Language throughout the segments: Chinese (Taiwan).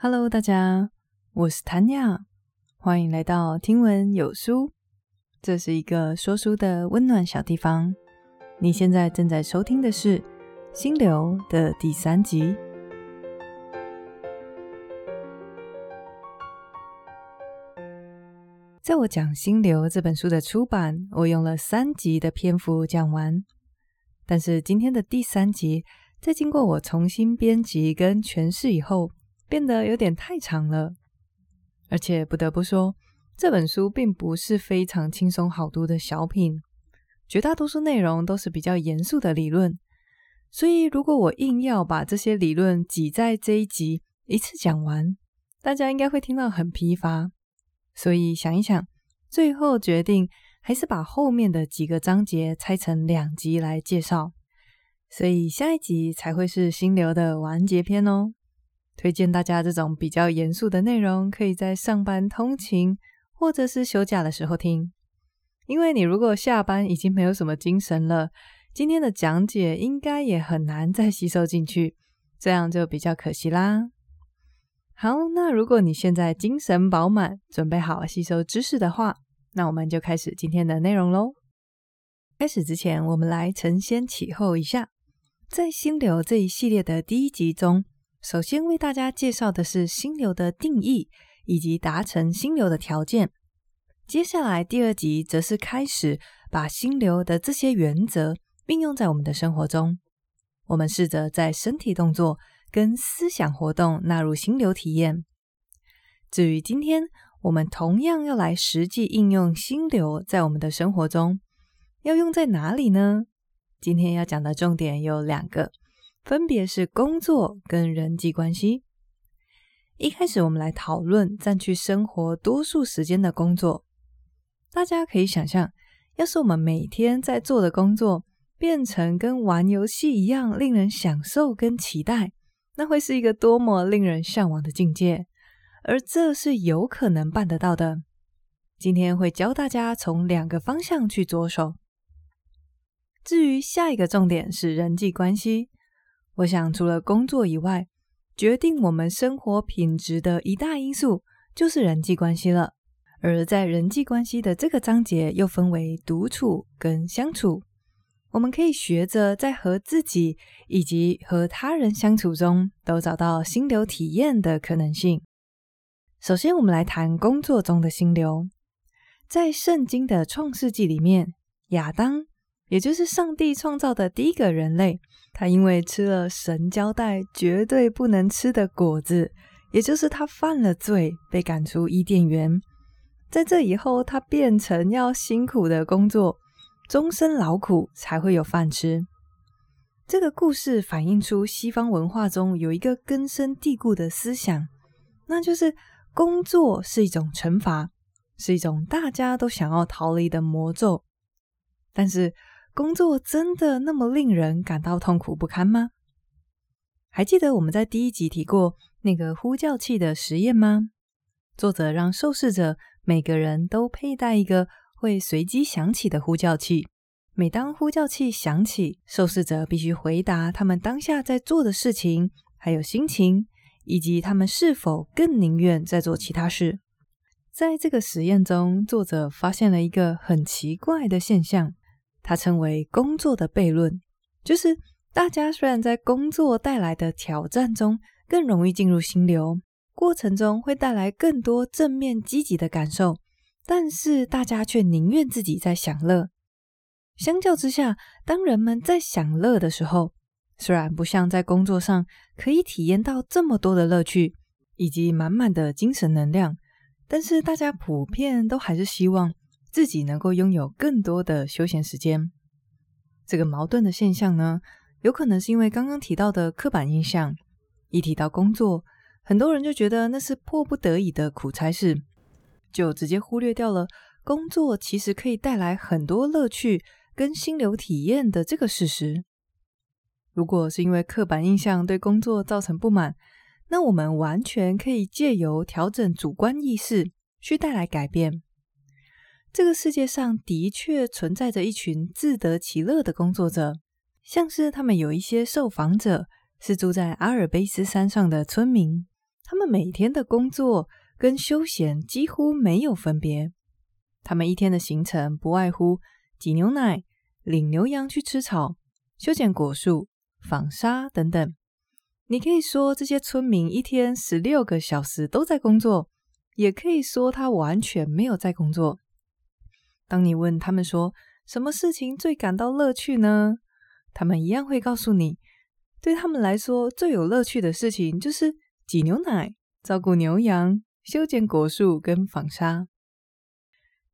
Hello，大家，我是 Tanya，歡迎來到聽聞有書，這是一個說書的溫暖小地方。你現在正在收聽的是《心流》的第三集。在我講《心流》這本書的初版，我用了三集的篇幅講完。但是今天的第三集，在經過我重新編輯跟詮釋以後，變得有點太長了，而且不得不說，這本書並不是非常輕鬆好讀的小品，絕大多數內容都是比較嚴肅的理論。所以，如果我硬要把這些理論擠在這一集一次講完，大家應該會聽到很疲乏。所以想一想，最後決定還是把後面的幾個章節拆成兩集來介紹，所以下一集才會是心流的完結篇哦。推薦大家這種比較嚴肅的內容，可以在上班通勤或者是休假的時候聽，因為你如果下班已經沒有什麼精神了，今天的講解應該也很難再吸收進去，這樣就比較可惜啦。好，那如果你現在精神飽滿，準備好吸收知識的話，那我們就開始今天的內容嘍。開始之前，我們來承先啟後一下，在《心流》這一系列的第一集中。首先為大家介紹的是心流的定義以及達成心流的條件。接下來第二集則是開始把心流的這些原則運用在我們的生活中。我們試着在身體動作跟思想活動納入心流體驗。至於今天我們同樣要來實際應用心流在我們的生活中，要用在哪裡呢？今天要講的重點有兩個。分別是工作跟人際關係。一開始，我們來討論佔據生活多數時間的工作。大家可以想象，要是我們每天在做的工作變成跟玩遊戲一樣令人享受跟期待，那會是一個多麼令人向往的境界。而這是有可能辦得到的。今天會教大家從兩個方向去着手。至於下一個重點是人際關係。我想，除了工作以外，決定我們生活品質的一大因素就是人際關係了。而在人際關係的這個章節，又分為獨處跟相處。我們可以學着在和自己以及和他人相處中，都找到心流體驗的可能性。首先，我們來談工作中的心流。在聖經的創世紀裡面，亞當。也就是上帝創造的第一個人類，他因為吃了神交代絕對不能吃的果子，也就是他犯了罪，被趕出伊甸園。在這以後，他變成要辛苦的工作，終身勞苦才會有飯吃。這個故事反映出西方文化中有一個根深蒂固的思想，那就是工作是一種懲罰，是一種大家都想要逃離的魔咒。但是。工作真的那麼令人感到痛苦不堪嗎？還記得我們在第一集提過那個呼叫器的實驗嗎？作者讓受試者每個人都佩戴一個會隨機響起的呼叫器，每當呼叫器響起，受試者必須回答他們當下在做的事情，還有心情，以及他們是否更寧願在做其他事。在這個實驗中，作者發現了一個很奇怪的現象。他稱為工作的悖論，就是大家雖然在工作帶來的挑戰中更容易進入心流，過程中會帶來更多正面積極的感受，但是大家卻寧願自己在享樂。相較之下，當人們在享樂的時候，雖然不像在工作上可以體驗到這麼多的樂趣，以及滿滿的精神能量，但是大家普遍都還是希望，自己能夠擁有更多的休閒時間，這個矛盾的現象呢，有可能是因為剛剛提到的刻板印象。一提到工作，很多人就覺得那是迫不得已的苦差事，就直接忽略掉了工作其實可以帶來很多樂趣跟心流體驗的這個事實。如果是因為刻板印象對工作造成不滿，那我們完全可以借由調整主觀意識去帶來改變。這個世界上的確存在着一群自得其樂的工作者，像是他們有一些受訪者是住在阿爾卑斯山上的村民，他們每天的工作跟休閒幾乎沒有分別。他們一天的行程不外乎擠牛奶、領牛羊去吃草、修剪果樹、紡紗等等。你可以說這些村民一天十六個小時都在工作，也可以說他完全沒有在工作。當你問他們說什麼事情最感到樂趣呢？他們一樣會告訴你，對他們來說最有樂趣的事情就是擠牛奶、照顧牛羊、修剪果樹跟紡紗。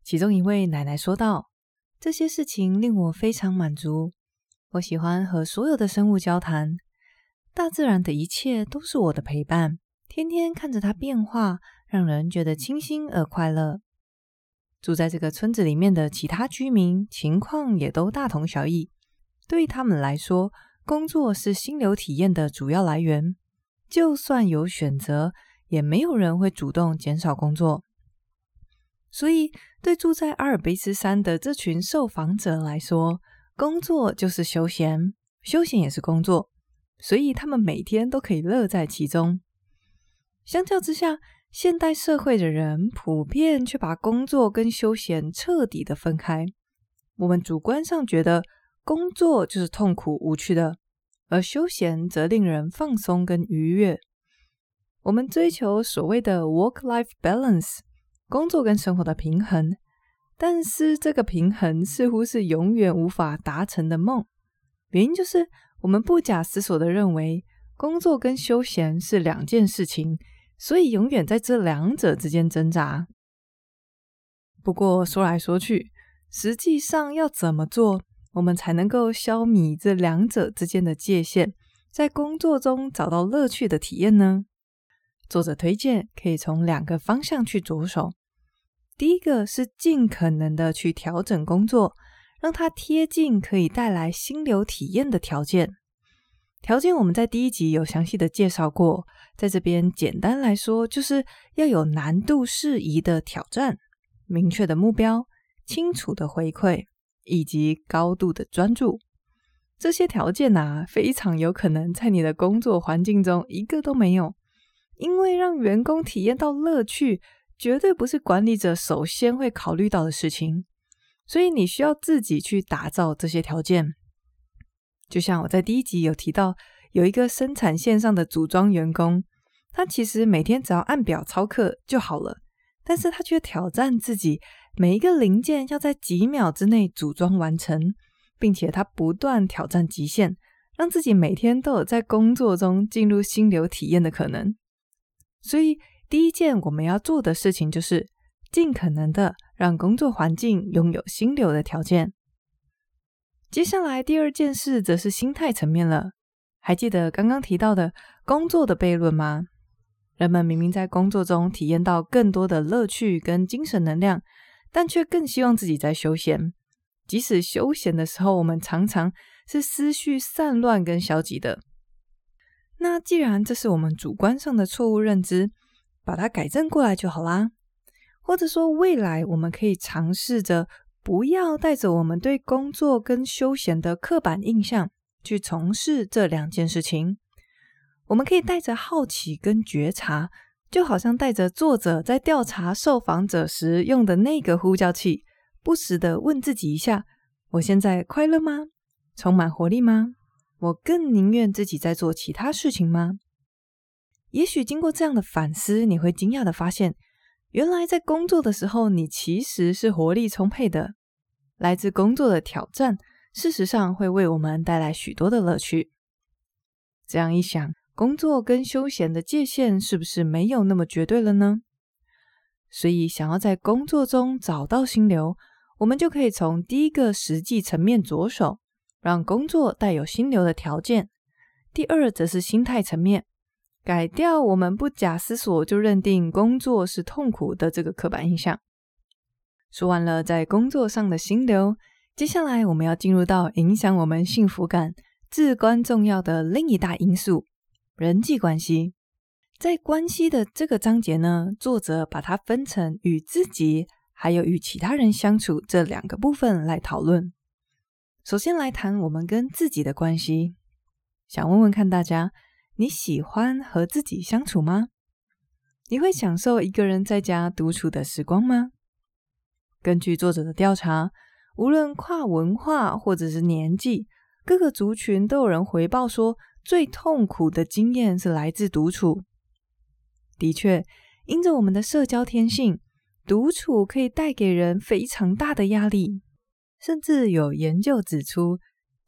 其中一位奶奶說道：“這些事情令我非常滿足。我喜歡和所有的生物交談，大自然的一切都是我的陪伴。天天看着它變化，讓人覺得清新而快樂。”住在這個村子裡面的其他居民情況也都大同小異。對他們來說，工作是心流體驗的主要來源。就算有選擇，也沒有人會主動減少工作。所以，對住在阿爾卑斯山的這群受訪者來說，工作就是休閒，休閒也是工作。所以，他們每天都可以樂在其中。相較之下，現代社會的人普遍卻把工作跟休閒徹底的分開。我們主觀上覺得工作就是痛苦無趣的，而休閒則令人放鬆跟愉悅。我們追求所謂的 work-life balance 工作跟生活的平衡，但是這個平衡似乎是永遠無法達成的夢。原因就是我們不假思索地認為工作跟休閒是兩件事情。所以永遠在這兩者之間掙扎。不過說來說去，實際上要怎麼做，我們才能夠消弭這兩者之間的界限，在工作中找到樂趣的體驗呢？作者推薦可以從兩個方向去着手。第一個是盡可能的去調整工作，讓它貼近可以帶來心流體驗的條件。條件我們在第一集有詳細的介紹過。在這邊，簡單來說，就是要有難度適宜的挑戰、明確的目標、清楚的回饋，以及高度的專注。這些條件啊，非常有可能在你的工作環境中一個都沒有。因為讓員工體驗到樂趣，絕對不是管理者首先會考慮到的事情。所以，你需要自己去打造這些條件。就像我在第一集有提到。有一個生產線上的組裝員工，他其實每天只要按表操課就好了，但是他卻挑戰自己，每一個零件，要在幾秒之內組裝完成，並且他不斷挑戰極限，讓自己每天都有在工作中進入心流體驗的可能。所以，第一件我們要做的事情就是儘可能的讓工作環境擁有心流的條件。接下來第二件事則是心態層面了。還記得剛剛提到的工作的悖論嗎？人們明明在工作中體驗到更多的樂趣跟精神能量，但卻更希望自己在休閒。即使休閒的時候，我們常常是思緒散亂跟消極的。那既然這是我們主觀上的錯誤認知，把它改正過來就好啦。或者說，未來我們可以嘗試着不要帶着我們對工作跟休閒的刻板印象。去從事這兩件事情，我們可以帶着好奇跟覺察，就好像帶着作者在調查受訪者時用的那個呼叫器，不時地問自己一下：我現在快樂嗎？充滿活力嗎？我更寧願自己在做其他事情嗎？也許經過這樣的反思，你會驚訝地發現，原來在工作的時候，你其實是活力充沛的，來自工作的挑戰。事實上會為我們帶來許多的樂趣。這樣一想，工作跟休閒的界限是不是沒有那麼絕對了呢？所以想要在工作中找到心流，我們就可以從第一個實際層面着手，讓工作帶有心流的條件。第二則是心態層面，改掉我們不假思索就認定工作是痛苦的這個刻板印象。說完了在工作上的心流，接下來，我們要進入到影響我們幸福感至關重要的另一大因素——人際關係。在關係的這個章節呢，作者把它分成與自己還有與其他人相處這兩個部分來討論。首先來談我們跟自己的關係，想問問看大家，你喜歡和自己相處嗎？你會享受一個人在家獨處的時光嗎？根據作者的調查，無論跨文化或者是年紀，各個族群都有人回報說，最痛苦的經驗是來自獨處。的確，因着我們的社交天性，獨處可以帶給人非常大的壓力。甚至有研究指出，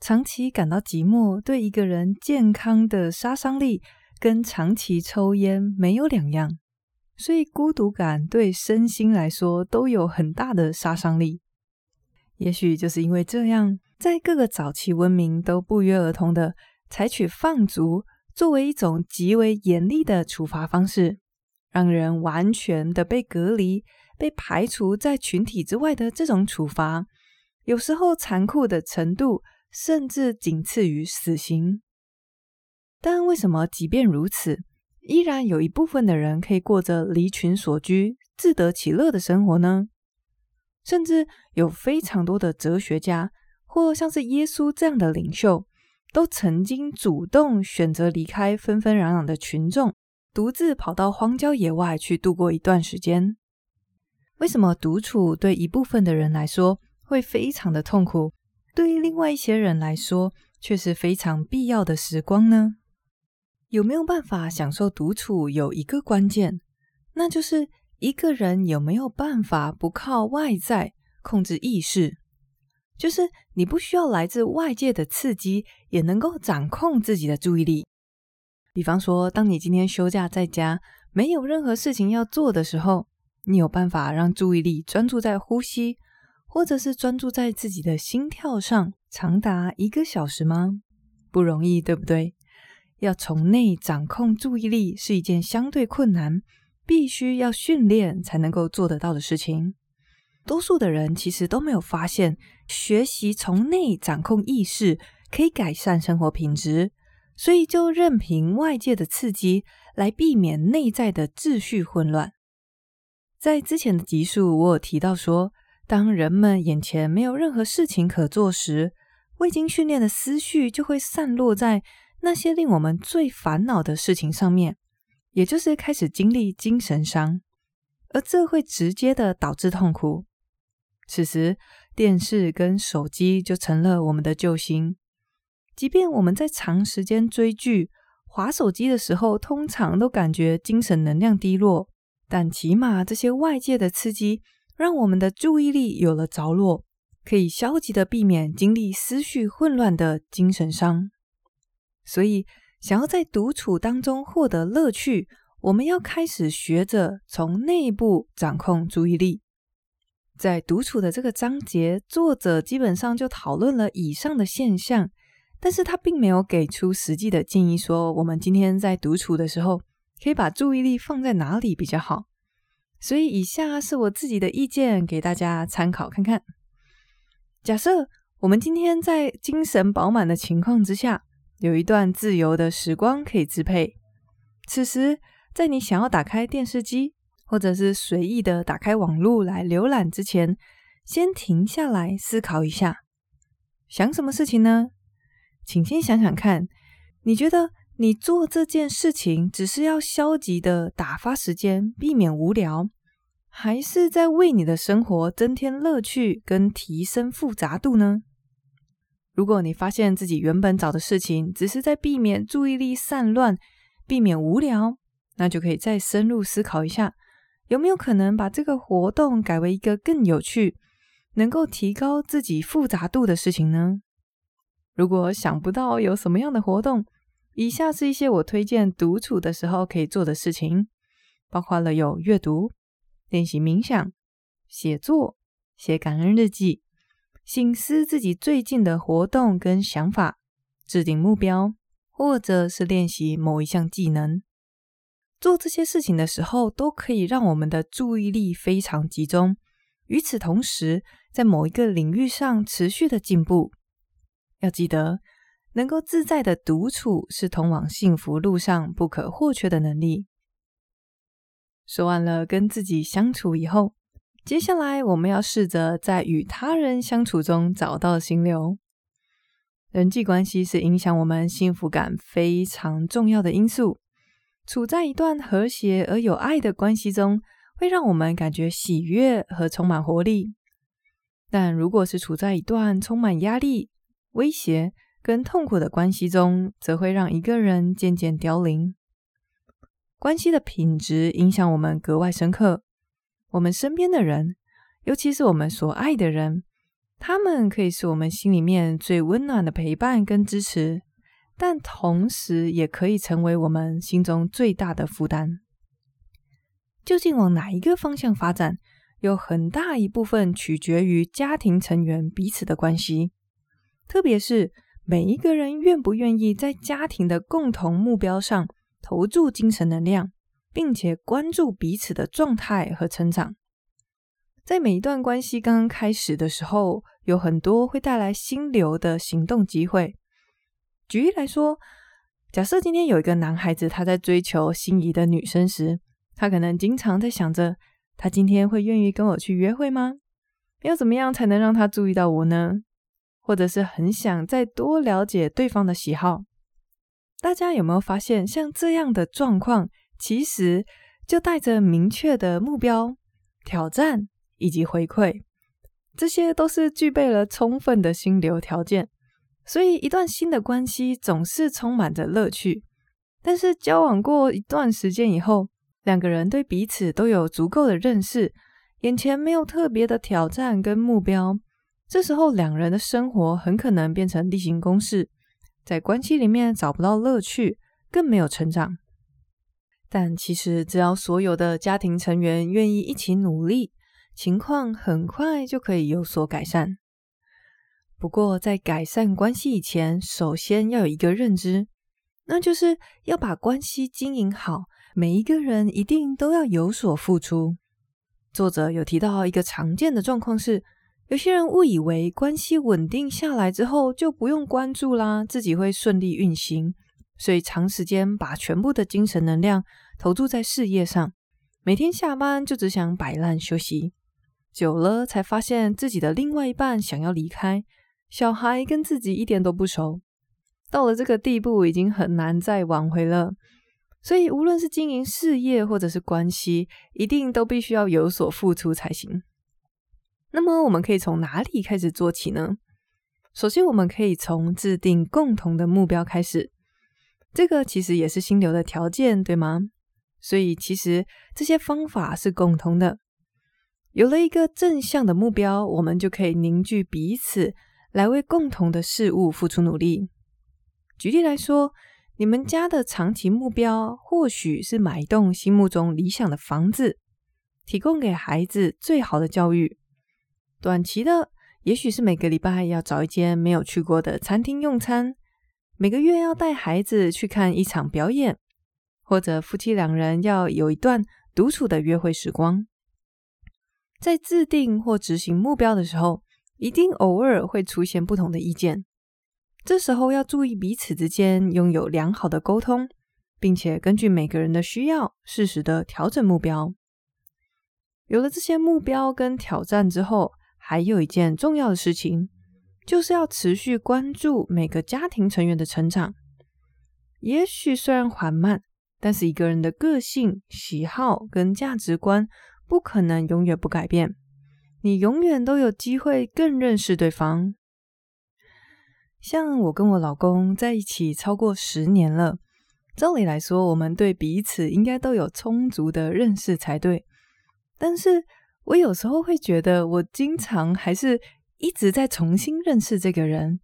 長期感到寂寞對一個人健康的殺傷力，跟長期抽煙沒有兩樣。所以，孤獨感對身心來說都有很大的殺傷力。也許就是因為這樣，在各個早期文明都不約而同的採取放逐作為一種極為嚴厲的處罰方式，讓人完全的被隔離、被排除在群體之外的這種處罰，有時候殘酷的程度甚至僅次於死刑。但為什麼即便如此，依然有一部分的人可以過着離群索居、自得其樂的生活呢？甚至有非常多的哲學家，或像是耶穌這樣的領袖，都曾經主動選擇離開紛紛攘攘的群眾，獨自跑到荒郊野外去度過一段時間。為什麼獨處對一部分的人來說會非常的痛苦，對於另外一些人來說卻是非常必要的時光呢？有沒有辦法享受獨處？有一個關鍵，那就是。一個人有沒有辦法不靠外在控制意識？就是你不需要來自外界的刺激，也能夠掌控自己的注意力。比方說，當你今天休假在家，沒有任何事情要做的時候，你有辦法讓注意力專注在呼吸，或者是專注在自己的心跳上，長達一個小時嗎？不容易，對不對？要從內掌控注意力是一件相對困難。必須要訓練才能夠做得到的事情。多數的人其實都沒有發現，學習從內掌控意識可以改善生活品質，所以就任憑外界的刺激來避免內在的秩序混亂。在之前的集數，我有提到說，當人們眼前沒有任何事情可做時，未經訓練的思緒就會散落在那些令我們最煩惱的事情上面。也就是開始經歷精神熵，而這會直接的導致痛苦。此時，電視跟手機就成了我們的救星。即便我們在長時間追劇、滑手機的時候，通常都感覺精神能量低落，但起碼這些外界的刺激讓我們的注意力有了着落，可以消極的避免經歷思緒混亂的精神熵。所以。想要在獨處當中獲得樂趣，我們要開始學着從內部掌控注意力。在獨處的這個章節，作者基本上就討論了以上的現象，但是他並沒有給出實際的建議，說我們今天在獨處的時候可以把注意力放在哪裡比較好。所以以下是我自己的意見，給大家參考看看。假設我們今天在精神飽滿的情況之下。有一段自由的時光可以支配。此時，在你想要打開電視機，或者是隨意的打開網絡來瀏覽之前，先停下來思考一下。想什麼事情呢？請先想想看，你覺得你做這件事情只是要消極的打發時間，避免無聊，還是在為你的生活增添樂趣跟提升複雜度呢？如果你發現自己原本找的事情只是在避免注意力散亂、避免無聊，那就可以再深入思考一下，有沒有可能把這個活動改為一個更有趣、能夠提高自己複雜度的事情呢？如果想不到有什麼樣的活動，以下是一些我推薦獨處的時候可以做的事情，包括了有閱讀、練習冥想、寫作、寫感恩日記。省思自己最近的活動跟想法，制定目標，或者是練習某一項技能。做這些事情的時候，都可以讓我們的注意力非常集中。與此同時，在某一個領域上持續的進步。要記得，能夠自在的獨處是通往幸福路上不可或缺的能力。說完了跟自己相處以後。接下來，我們要試着在與他人相處中找到心流。人際關係是影響我們幸福感非常重要的因素。處在一段和諧而有愛的關係中，會讓我們感覺喜悅和充滿活力。但如果是處在一段充滿壓力、威脅跟痛苦的關係中，則會讓一個人漸漸凋零。關係的品質影響我們格外深刻。我們身邊的人，尤其是我們所愛的人，他們可以是我們心裡面最溫暖的陪伴跟支持，但同時也可以成為我們心中最大的負擔。究竟往哪一個方向發展，有很大一部分取決於家庭成員彼此的關係，特別是每一個人願不願意在家庭的共同目標上投注精神能量。並且關注彼此的狀態和成長。在每一段關係剛剛開始的時候，有很多會帶來心流的行動機會。舉例來說，假設今天有一個男孩子他在追求心儀的女生時，他可能經常在想着，他今天會願意跟我去約會嗎？要怎麼樣才能讓他注意到我呢？或者是很想再多了解對方的喜好。大家有沒有發現像這樣的狀況？其實，就帶着明確的目標、挑戰以及回饋，這些都是具備了充分的心流條件。所以，一段新的關係總是充滿着樂趣。但是，交往過一段時間以後，兩個人對彼此都有足夠的認識，眼前沒有特別的挑戰跟目標，這時候兩人的生活很可能變成例行公事，在關係裡面找不到樂趣，更沒有成長。但其實，只要所有的家庭成員願意一起努力，情況很快就可以有所改善。不過，在改善關係以前，首先要有一個認知，那就是要把關係經營好，每一個人一定都要有所付出。作者有提到一個常見的狀況是，有些人誤以為關係穩定下來之後就不用關注啦，自己會順利運行。所以長時間把全部的精神能量投注在事業上，每天下班就只想擺爛休息，久了才發現自己的另外一半想要離開，小孩跟自己一點都不熟，到了這個地步已經很難再挽迴了。所以無論是經營事業或者是關係，一定都必須要有所付出才行。那麼我們可以從哪裡開始做起呢？首先我們可以從製定共同的目標開始。這個其實也是心流的條件，對嗎？所以其實這些方法是共同的。有了一個正向的目標，我們就可以凝聚彼此，來為共同的事物付出努力。舉例來說，你們家的長期目標或許是買一棟心目中理想的房子，提供給孩子最好的教育；短期的，也許是每個禮拜要找一間沒有去過的餐廳用餐。每個月要帶孩子去看一場表演，或者夫妻兩人要有一段獨處的約會時光。在制定或執行目標的時候，一定偶爾會出現不同的意見，這時候要注意彼此之間擁有良好的溝通，並且根據每個人的需要適時的調整目標。有了這些目標跟挑戰之後，還有一件重要的事情。就是要持續關注每個家庭成員的成長。也許雖然緩慢，但是一個人的個性、喜好跟價值觀不可能永遠不改變。你永遠都有機會更認識對方。像我跟我老公在一起超過十年了，照理來說，我們對彼此應該都有充足的認識才對。但是我有時候會覺得，我經常還是，一直在重新認識這個人。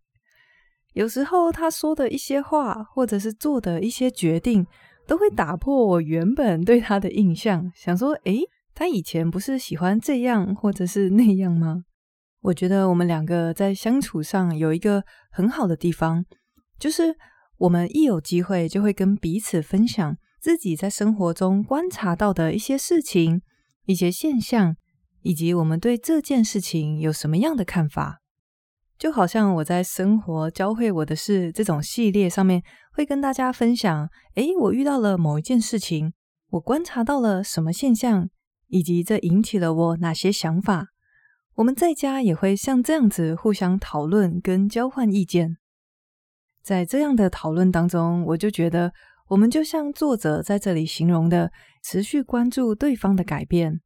有時候他說的一些話，或者是做的一些決定，都會打破我原本對他的印象。想說，誒，他以前不是喜歡這樣，或者是那樣嗎？我覺得我們兩個在相處上有一個很好的地方，就是我們一有機會就會跟彼此分享自己在生活中觀察到的一些事情、一些現象。以及我們對這件事情有什麼樣的看法。就好像我在生活教會我的事這種系列上面，會跟大家分享：誒，我遇到了某一件事情，我觀察到了什麼現象，以及這引起了我哪些想法。我們在家也會像這樣子互相討論跟交換意見。在這樣的討論當中，我就覺得我們就像作者在這裡形容的，持續關注對方的改變。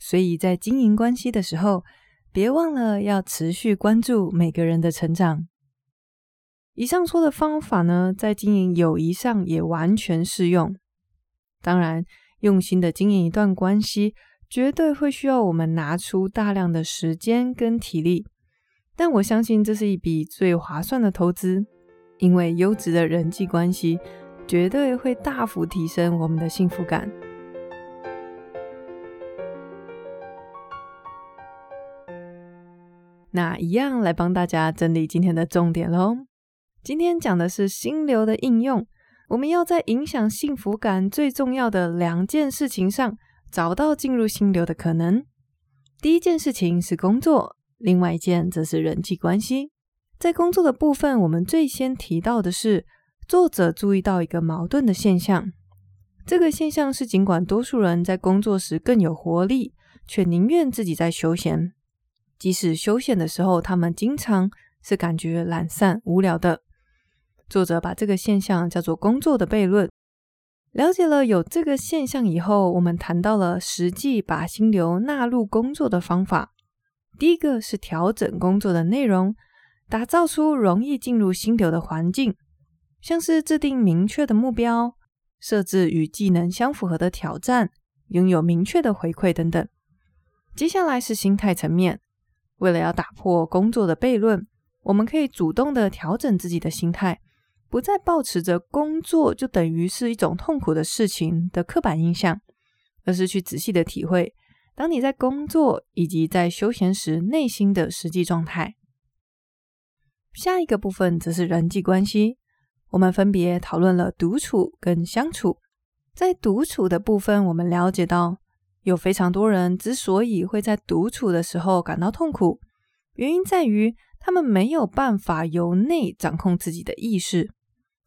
所以在經營關係的時候，別忘了要持續關注每個人的成長。以上說的方法呢，在經營友誼上也完全適用。當然，用心的經營一段關係，絕對會需要我們拿出大量的時間跟體力。但我相信，這是一筆最划算的投資，因為優質的人際關係，絕對會大幅提升我們的幸福感。那一樣來幫大家整理今天的重點嘍。今天講的是心流的應用，我們要在影響幸福感最重要的兩件事情上找到進入心流的可能。第一件事情是工作，另外一件則是人際關係。在工作的部分，我們最先提到的是作者注意到一個矛盾的現象，這個現象是儘管多數人在工作時更有活力，卻寧願自己在休閒。即使休閒的時候，他們經常是感覺懶散、無聊的。作者把這個現象叫做“工作的悖論”。了解了有這個現象以後，我們談到了實際把心流納入工作的方法。第一個是調整工作的內容，打造出容易進入心流的環境，像是制定明確的目標、設置與技能相符合的挑戰、擁有明確的回饋等等。接下來是心態層面。為了要打破工作的悖論，我們可以主動的調整自己的心態，不再抱持着工作就等於是一種痛苦的事情的刻板印象，而是去仔細的體會，當你在工作以及在休閒時內心的實際狀態。下一個部分則是人際關係，我們分別討論了獨處跟相處。在獨處的部分，我們了解到。有非常多人之所以會在獨處的時候感到痛苦，原因在於他們沒有辦法由內掌控自己的意識，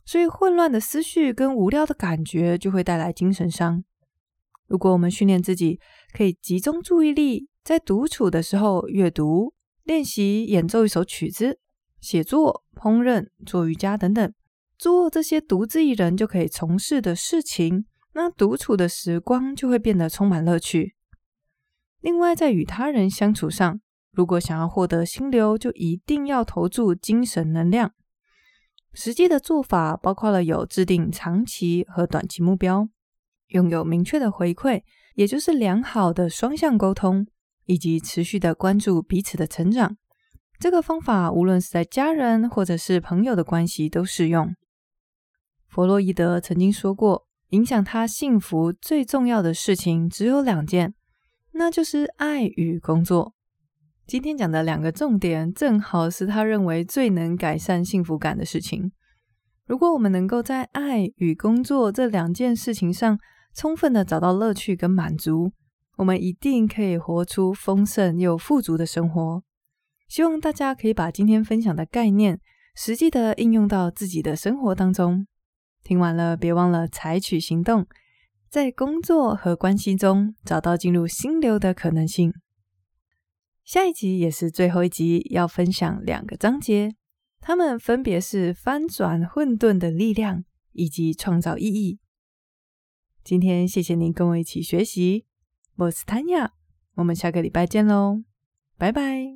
所以混亂的思緒跟無聊的感覺就會帶來精神熵。如果我們訓練自己可以集中注意力，在獨處的時候閱讀、練習演奏一首曲子、寫作、烹飪、做瑜伽等等，做這些獨自一人就可以從事的事情。那獨處的時光就會變得充滿樂趣。另外，在與他人相處上，如果想要獲得心流，就一定要投注精神能量。實際的做法包括了有制定長期和短期目標，擁有明確的回饋，也就是良好的雙向溝通，以及持續的關注彼此的成長。這個方法無論是在家人或者是朋友的關係都適用。佛洛伊德曾經說過，影響他幸福最重要的事情只有兩件，那就是愛與工作。今天講的兩個重點，正好是他認為最能改善幸福感的事情。如果我們能夠在愛與工作這兩件事情上充分的找到樂趣跟滿足，我們一定可以活出豐盛又富足的生活。希望大家可以把今天分享的概念，實際的應用到自己的生活當中。聽完了，別忘了採取行動，在工作和關係中找到進入心流的可能性。下一集也是最後一集，要分享兩個章節，它們分別是翻轉混沌的力量以及創造意義。今天謝謝您跟我一起學習，我是坦雅，我們下個禮拜見嘍，拜拜。